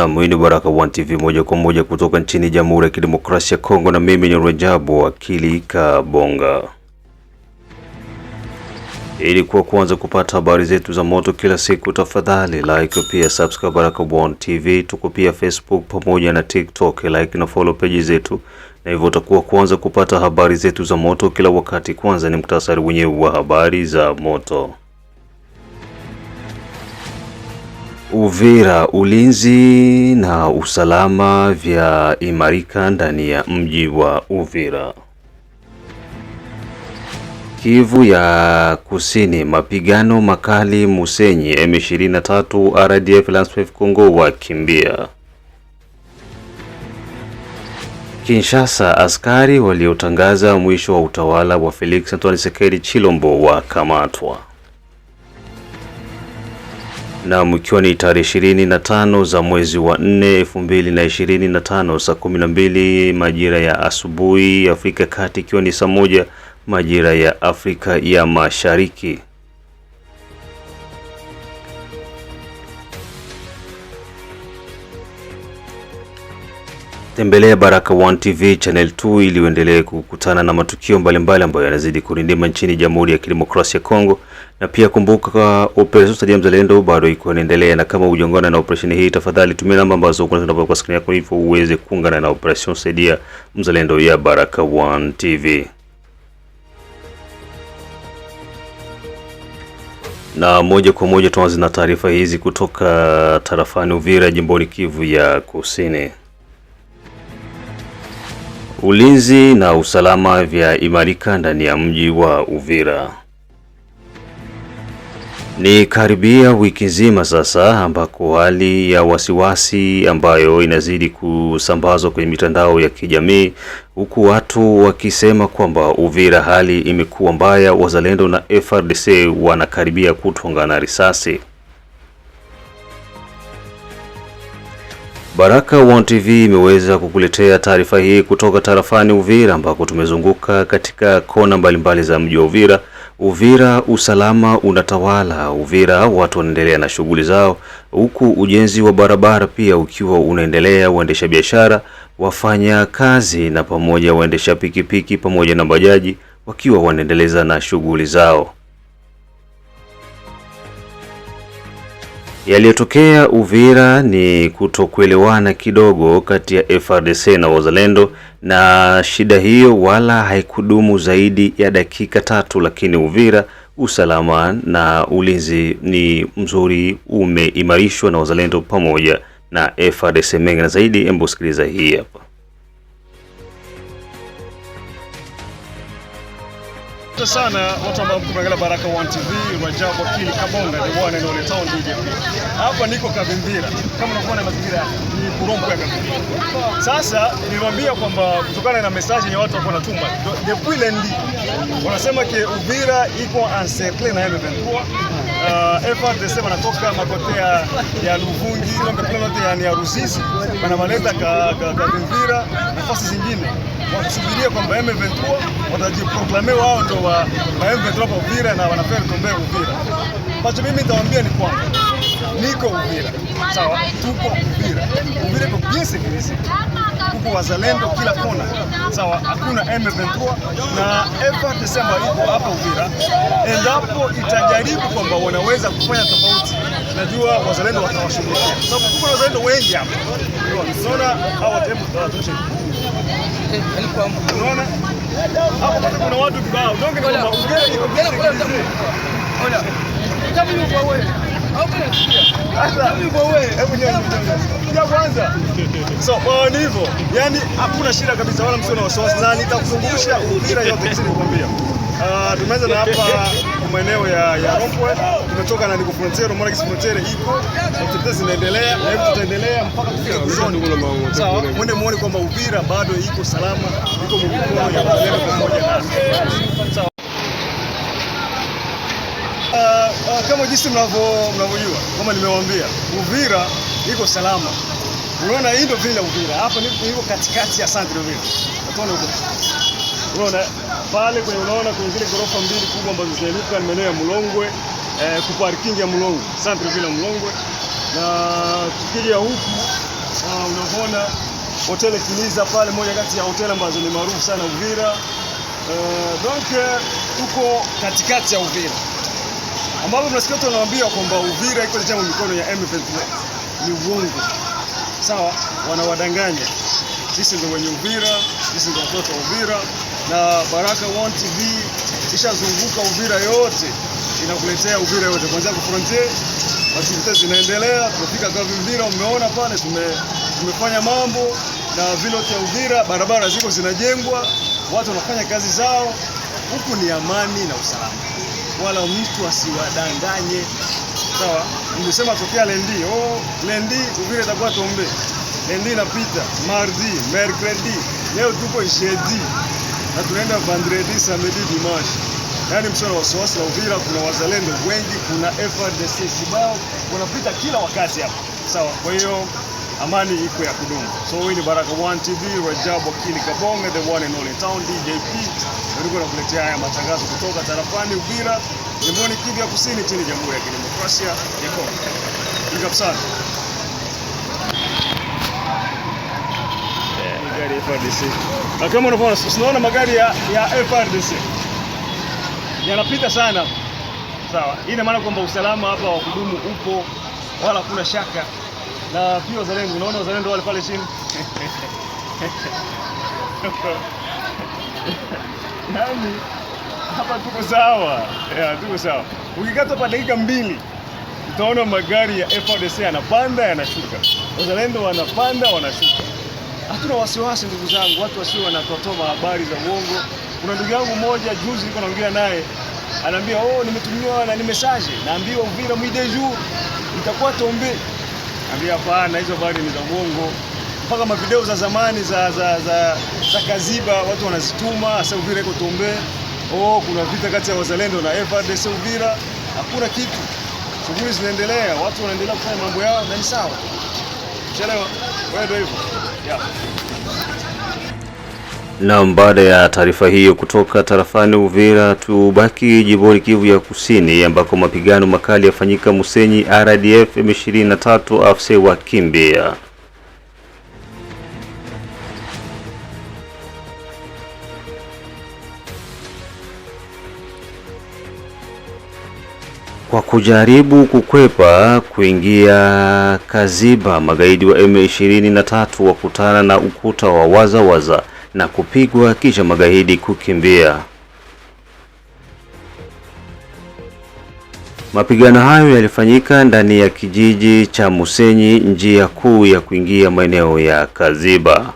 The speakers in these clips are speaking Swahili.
Naam, hii ni Baraka One TV moja kwa moja kutoka nchini Jamhuri ya Kidemokrasia ya Kongo, na mimi ni Rajabu Akili Kabonga. Ili kuwa kwanza kupata habari zetu za moto kila siku, tafadhali like pia subscribe Baraka One TV. Tuko pia Facebook pamoja na TikTok, like na follow page zetu, na hivyo utakuwa kwanza kupata habari zetu za moto kila wakati. Kwanza ni mktasari wenyewe wa habari za moto. Uvira, ulinzi na usalama vyaimarika ndani ya mji wa Uvira. Kivu ya Kusini, mapigano makali Musenyi, M23 RDF Landscape Kongo wakimbia. Kinshasa, askari waliotangaza mwisho wa utawala wa Felix Antoine Tshisekedi Chilombo wakamatwa na mkiwa ni tarehe ishirini na tano za mwezi wa nne elfu mbili na ishirini na tano saa kumi na mbili majira ya asubuhi Afrika Kati, ikiwa ni saa moja majira ya Afrika ya Mashariki. Tembelea baraka One TV Channel 2 ili uendelee kukutana na matukio mbalimbali ambayo yanazidi kurindima nchini Jamhuri ya Kidemokrasia ya Kongo, na pia kumbuka operesheni Saidia Mzalendo bado iko inaendelea, na kama hujaungana na operesheni hii, tafadhali tumia namba ambazo kwa skrini yako, hivyo uweze kuungana na operesheni Saidia Mzalendo ya baraka One TV. Na moja kwa moja tuanze na taarifa hizi kutoka tarafani Uvira, jimboni Kivu ya Kusini. Ulinzi na usalama vya imarika ndani ya mji wa Uvira. Ni karibia wiki nzima sasa ambako hali ya wasiwasi ambayo inazidi kusambazwa kwenye mitandao ya kijamii huku watu wakisema kwamba Uvira hali imekuwa mbaya, wazalendo na frdc wanakaribia kutongana risasi. Baraka One TV imeweza kukuletea taarifa hii kutoka tarafani Uvira ambako tumezunguka katika kona mbalimbali za mji wa Uvira. Uvira usalama unatawala. Uvira watu wanaendelea na shughuli zao, huku ujenzi wa barabara pia ukiwa unaendelea. Waendesha biashara, wafanya kazi na pamoja waendesha pikipiki pamoja na bajaji wakiwa wanaendeleza na shughuli zao. Yaliyotokea Uvira ni kutokuelewana kidogo kati ya frdc na wazalendo, na shida hiyo wala haikudumu zaidi ya dakika tatu, lakini Uvira usalama na ulinzi ni mzuri, umeimarishwa na wazalendo pamoja na frdc Mengi na zaidi, embo sikiliza hii hapa. Asante sana watu ambao kumeangalia Baraka One TV. Rajabu Akili Kabonga ni bwana Nole Town DJ. Hapa niko Kavimbira, kama unakuona mazingira ni kurompo ya Kavimbira. Sasa niliwaambia kwamba kutokana na message ya watu wako natuma depuis lundi, wanasema ke Uvira iko encercle na M23 uh, FARDC wanatoka makote makotea ya Luvungi, ndio ya Ruzizi, wanamaleta Kavimbira nafasi zingine wakusubiria kwamba M23 watajiproklame wao ndio wa M23 kwa Uvira na wanafanya tutombee Uvira. Ambacho mimi nitawaambia ni kwamba niko Uvira, sawa, tuko Uvira. Uvira kwa kiasi kiasi huko wazalendo kila kona, sawa. Hakuna M23 na FARDC ambayo iko hapa Uvira, endapo itajaribu kwamba wanaweza kufanya tofauti, najua wazalendo watawashughulikia, sababu kuna wazalendo wengi hapa, unaona hao watemu tutawatuche Unaona? Hapo bado kwanza. So, wao ni hivyo. Yaani hakuna shida kabisa wala msio na wasiwasi. Na nitakuzungusha mpira yote sisi nikwambia. Ah, tumeweza na hapa maeneo ya ya Rokwe, tumetoka na Ligo Frontiere, mwana kisi Frontiere iko tutezi zinaendelea na hivi tutaendelea mpaka kufika Kusoni. Sawa, mwende muone kwamba Uvira bado iko salama, iko mikono ya kuendelea pamoja na sawa. Uh, uh, kama jinsi mnavyo mnavyojua kama nimewaambia, Uvira iko salama. Unaona hii ndio vile Uvira hapa niko katikati ya Centre Uvira. Utaona huko. Unaona pale kwenye unaona kwenye zile ghorofa mbili kubwa ambazo zinalipa ni maeneo ya Mlongwe eh, ku parking ya Mlongwe, centre vile Mlongwe. Na tukija huku uh, ah, unaona hoteli Kiliza pale, moja kati ya hoteli ambazo ni maarufu sana Uvira. Uh, donc tuko katikati ya Uvira ambapo mnasikia watu wanawaambia kwamba Uvira iko chini mikono ya M23. Ni uongo, sawa? Wanawadanganya. Sisi ndio wenye Uvira, sisi ndio watoto wa Uvira na Baraka One TV ishazunguka Uvira yote, inakuletea Uvira yote kuanzia kwa frontier. Aktivite zinaendelea, tunafika kwa Uvira, umeona pale tume, tumefanya mambo na viloti ya Uvira, barabara ziko zinajengwa, watu wanafanya kazi zao huku, ni amani na usalama, wala mtu asiwadanganye. Sawa, nimesema tokea lendi. Oh, lendi Uvira itakuwa tombe, lendi inapita, mardi, mercredi, leo tuko jeudi na tunaenda Vendredi, Samedi, Dimanche. Yaani msiwe na wasiwasi na Uvira kuna wazalendo wengi, kuna FARDC kibao wanapita kila wakati hapa. Sawa, kwa hiyo amani iko ya kudumu. So hii ni Baraka One TV, Rajab Wakili Kabonge, the one and only town DJP. Niko nakuletea haya matangazo kutoka tarafani Uvira, jimboni Kivu ya Kusini, chini Jamhuri ya Kidemokrasia ya Kongo. Big sana. magari ya FRDC. Na kama unavyoona, unaona magari ya, ya FRDC yanapita sana. Sawa, hii ina maana kwamba usalama hapa wa kudumu upo, wala kuna shaka. Na pia wazalendo, unaona wazalendo wale pale chini Nani? hapa tuko sawa, yeah, tuko sawa. Ukikata hapa dakika mbili utaona magari ya FARDC yanapanda yanashuka, wazalendo wanapanda wanashuka hatuna wasiwasi, ndugu zangu, watu wasio wanatotoa habari za uongo. Kuna ndugu yangu mmoja juzi nilikuwa naongea naye anaambia oh, nimetumiwa na ni message naambiwa Uvira mwide juu itakuwa tombe. Anambia hapana, hizo habari ni za uongo, mpaka mavideo za zamani za, za, za, za Kaziba watu wanazituma sasa Uvira iko tombe. Oh, kuna vita kati ya wazalendo na FARDC Uvira. Hakuna kitu, shughuli zinaendelea, watu wanaendelea kufanya mambo yao na ni sawa, Chelewa wewe, ndio hivyo. Naam, baada ya taarifa hiyo kutoka tarafani Uvira, tubaki jimboni Kivu ya Kusini ambako mapigano makali yafanyika Musenyi, RDF M23 AFC wakimbia kwa kujaribu kukwepa kuingia Kaziba. Magaidi wa M23 wakutana na ukuta wa wazawaza waza na kupigwa kisha magaidi kukimbia. Mapigano hayo yalifanyika ndani ya kijiji cha Musenyi, njia kuu ya kuingia maeneo ya Kaziba.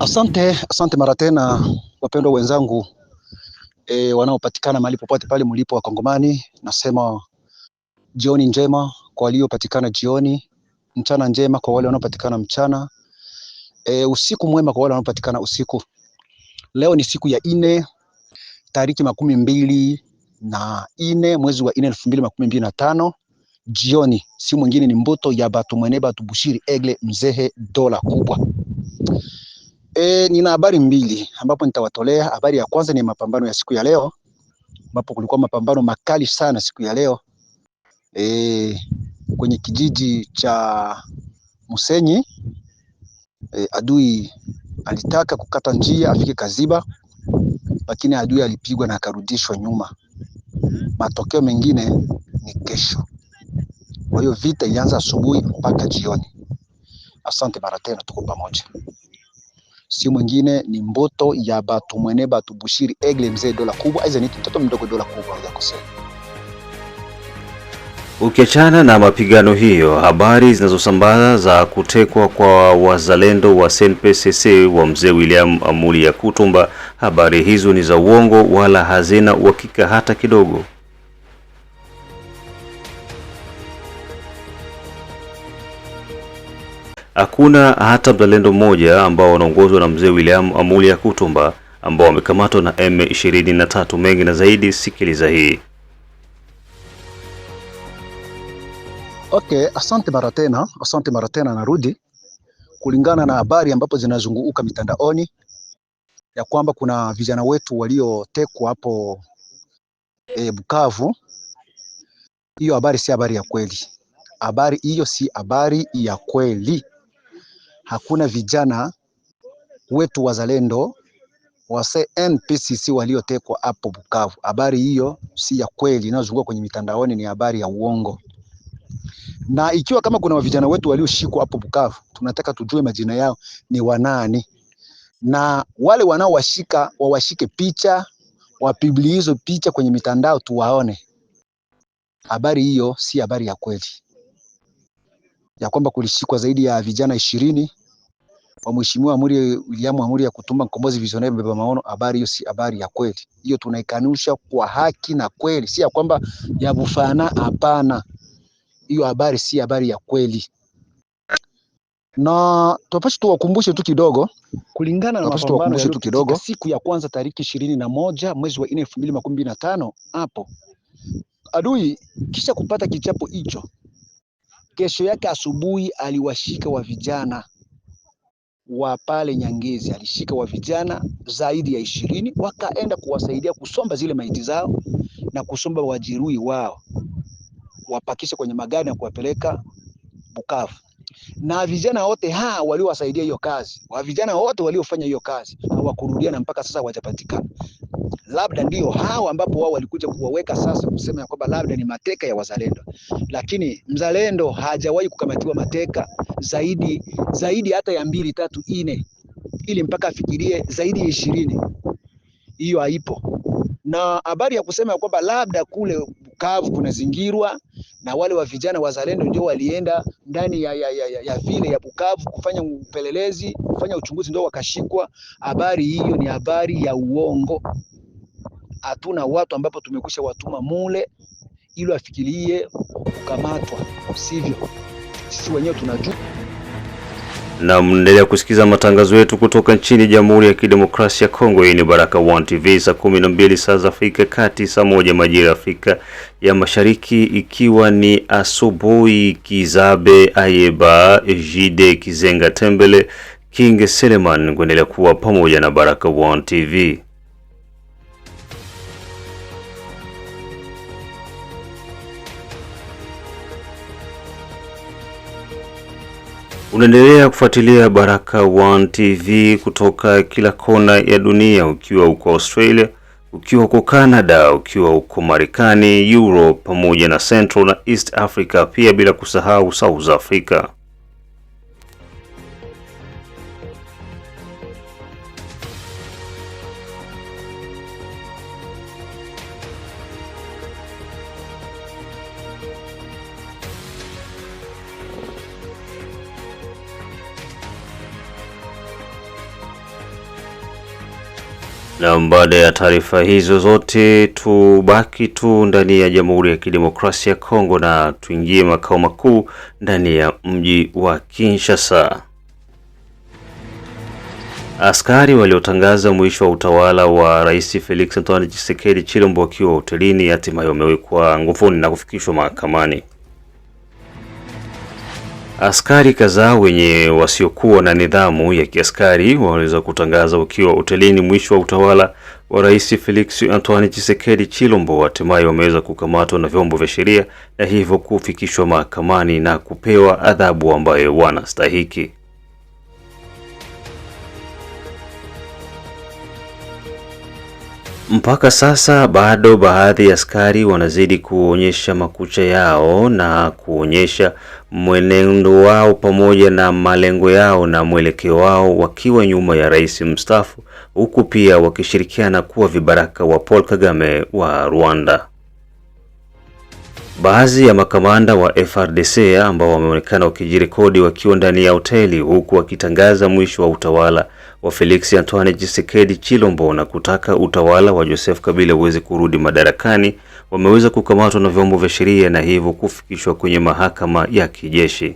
Asante, asante mara tena wapendwa wenzangu e, wanaopatikana mahali popote pale mlipo Wakongomani, nasema jioni njema kwa waliopatikana jioni, mchana njema kwa wale wanaopatikana mchana, e, usiku mwema kwa wale wanaopatikana usiku. Leo ni siku ya ine tariki makumi mbili na ine mwezi wa ine elfu mbili makumi mbili na tano jioni. Si mwingine ni Mbuto ya Batumwene Batubushiri Egle Mzehe dola kubwa. E, nina habari mbili ambapo nitawatolea. Habari ya kwanza ni mapambano ya siku ya leo ambapo kulikuwa mapambano makali sana siku ya leo e, kwenye kijiji cha Musenyi e, adui alitaka kukata njia afike Kaziba, lakini adui alipigwa na akarudishwa nyuma. Matokeo mengine ni kesho. Kwa hiyo vita ilianza asubuhi mpaka jioni. Asante mara tena, tuko pamoja si mwingine ni mboto ya batu mwene batu Bushiri Egle mzee dola kubwa, aiza ni mtoto mdogo dola kubwa ya kusema. Ukiachana na mapigano hiyo, habari zinazosambaza za kutekwa kwa wazalendo wa SNPCC wa mzee William Amuli ya kutumba habari hizo ni za uongo wala hazina uhakika hata kidogo. Hakuna hata mzalendo mmoja ambao wanaongozwa na mzee William Amuli kutumba ambao wamekamatwa na M23. Mengi na zaidi, sikiliza hii. Okay, asante mara tena, asante mara tena. Narudi kulingana na habari ambapo zinazunguka mitandaoni ya kwamba kuna vijana wetu waliotekwa hapo e, Bukavu. Hiyo habari si habari ya kweli, habari hiyo si habari ya kweli hakuna vijana wetu wazalendo wa NPCC waliotekwa hapo Bukavu. Habari hiyo si ya kweli, inayozunguka kwenye mitandaoni ni habari ya uongo. Na ikiwa kama kuna vijana wetu walioshikwa hapo Bukavu, tunataka tujue majina yao ni wanani, na wale wanaowashika wawashike picha, wapibli hizo picha kwenye mitandao tuwaone. Habari hiyo si habari ya kweli ya kwamba kulishikwa zaidi ya vijana ishirini wa mheshimiwa Amuri William Amuri ya kutumba mkombozi visionari mbeba maono. Habari hiyo si habari ya kweli, hiyo tunaikanusha kwa haki na kweli, si ya kwamba ya bufana. Hapana, hiyo habari si habari ya kweli, na tunapaswa tuwakumbushe tu kidogo kulingana na mapambano ya tu kidogo, siku ya kwanza tariki ishirini na moja mwezi wa nne elfu mbili makumi mbili na tano hapo adui kisha kupata kichapo hicho Kesho yake asubuhi aliwashika wa vijana wa pale Nyangezi, alishika wa vijana zaidi ya ishirini, wakaenda kuwasaidia kusomba zile maiti zao na kusomba wajeruhi wao, wapakisha kwenye magari na kuwapeleka Bukavu. Na vijana wote ha waliowasaidia hiyo kazi, wa vijana wote waliofanya hiyo kazi na mpaka sasa hawajapatikana labda ndiyo hawa ambapo wao walikuja kuwaweka sasa, kusema ya kwamba labda ni mateka ya wazalendo, lakini mzalendo hajawahi kukamatiwa mateka zaidi zaidi hata ya mbili tatu ine, ili mpaka afikirie zaidi ya ishirini. Hiyo haipo. Na habari ya kusema ya kwamba labda kule Bukavu kunazingirwa na wale wa vijana wazalendo ndio walienda ndani ya, ya, ya, ya vile ya Bukavu kufanya upelelezi, kufanya uchunguzi, ndio wakashikwa. Habari hiyo ni habari ya uongo hatuna watu ambapo tumekwisha watuma mule ili afikirie kukamatwa, sivyo? Sisi wenyewe tunajua. Na mnaendelea kusikiza matangazo yetu kutoka nchini Jamhuri ya Kidemokrasia ya Kongo. Hii ni Baraka One TV, saa kumi na mbili saa za Afrika Kati, saa moja majira ya Afrika ya Mashariki, ikiwa ni asubuhi. Kizabe Ayeba Jide Kizenga Tembele King Seleman kuendelea kuwa pamoja na Baraka One TV. Unaendelea kufuatilia Baraka One TV kutoka kila kona ya dunia, ukiwa uko Australia, ukiwa huko Canada, ukiwa uko Marekani, Europe pamoja na Central na East Africa, pia bila kusahau South Africa. Na baada ya taarifa hizo zote, tubaki tu ndani ya Jamhuri ya Kidemokrasia ya Kongo na tuingie makao makuu ndani ya mji wa Kinshasa. Askari waliotangaza mwisho wa utawala wa Rais Felix Antoine Tshisekedi Chilombo wakiwa hotelini hatimaye wamewekwa nguvuni na kufikishwa mahakamani. Askari kadhaa wenye wasiokuwa na nidhamu ya kiaskari waweza kutangaza wakiwa hotelini mwisho wa utawala wa Rais Felix Antoine Tshisekedi Chilombo hatimaye wameweza kukamatwa na vyombo vya sheria na hivyo kufikishwa mahakamani na kupewa adhabu ambayo wanastahiki. Mpaka sasa bado baadhi ya askari wanazidi kuonyesha makucha yao na kuonyesha mwenendo wao pamoja na malengo yao na mwelekeo wao wakiwa nyuma ya rais mstaafu, huku pia wakishirikiana kuwa vibaraka wa Paul Kagame wa Rwanda. Baadhi ya makamanda wa frdc ambao wameonekana wakijirekodi wakiwa ndani ya hoteli huku wakitangaza mwisho wa utawala wa Felix Antoine Tshisekedi Chilombo na kutaka utawala wa Joseph Kabila uweze kurudi madarakani wameweza kukamatwa na vyombo vya sheria na hivyo kufikishwa kwenye mahakama ya kijeshi.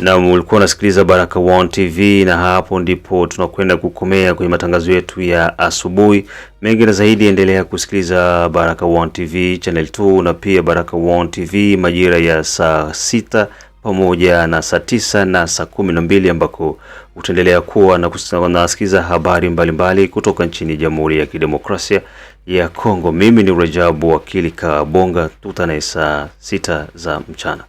Na ulikuwa unasikiliza baraka One TV na hapo ndipo tunakwenda kukomea kwenye matangazo yetu ya asubuhi. Mengi na zaidi, endelea kusikiliza Baraka1 TV channel 2 na pia baraka One TV majira ya saa sita pamoja na saa tisa na saa kumi na mbili ambako utaendelea kuwa na kusikiza habari mbalimbali mbali kutoka nchini Jamhuri ya Kidemokrasia ya Kongo. Mimi ni Rajabu Wakili Kabonga, tutane saa sita za mchana.